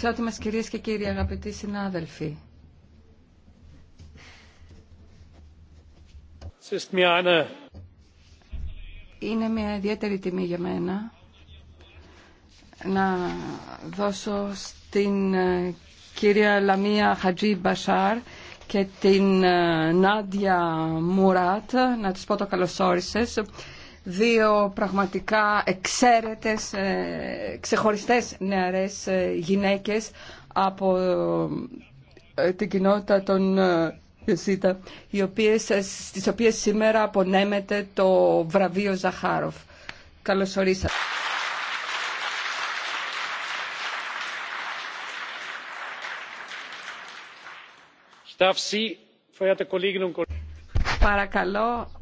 Σώτιμες κυρίες και κύριοι, αγαπητοί συνάδελφοι. Είναι μια ιδιαίτερη τιμή για μένα να δώσω στην ε, κυρία Λαμία Χατζή Μπασάρ και την ε, Νάντια Μουράτ να τους πω το καλώς δύο πραγματικά εξαίρετες, ε, ξεχωριστές νεαρές ε, γυναίκες από ε, την κοινότητα των Ιωσίτα, οι οποίες, στις οποίες σήμερα απονέμεται το βραβείο Ζαχάροφ. Καλώς ορίσατε. Παρακαλώ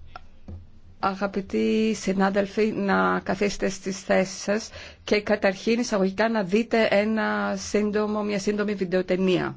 Αγαπητοί συνάδελφοι, να καθίσετε στις θέσεις σας και καταρχήν εισαγωγικά να δείτε ένα σύντομο, μια σύντομη βιντεοτενία.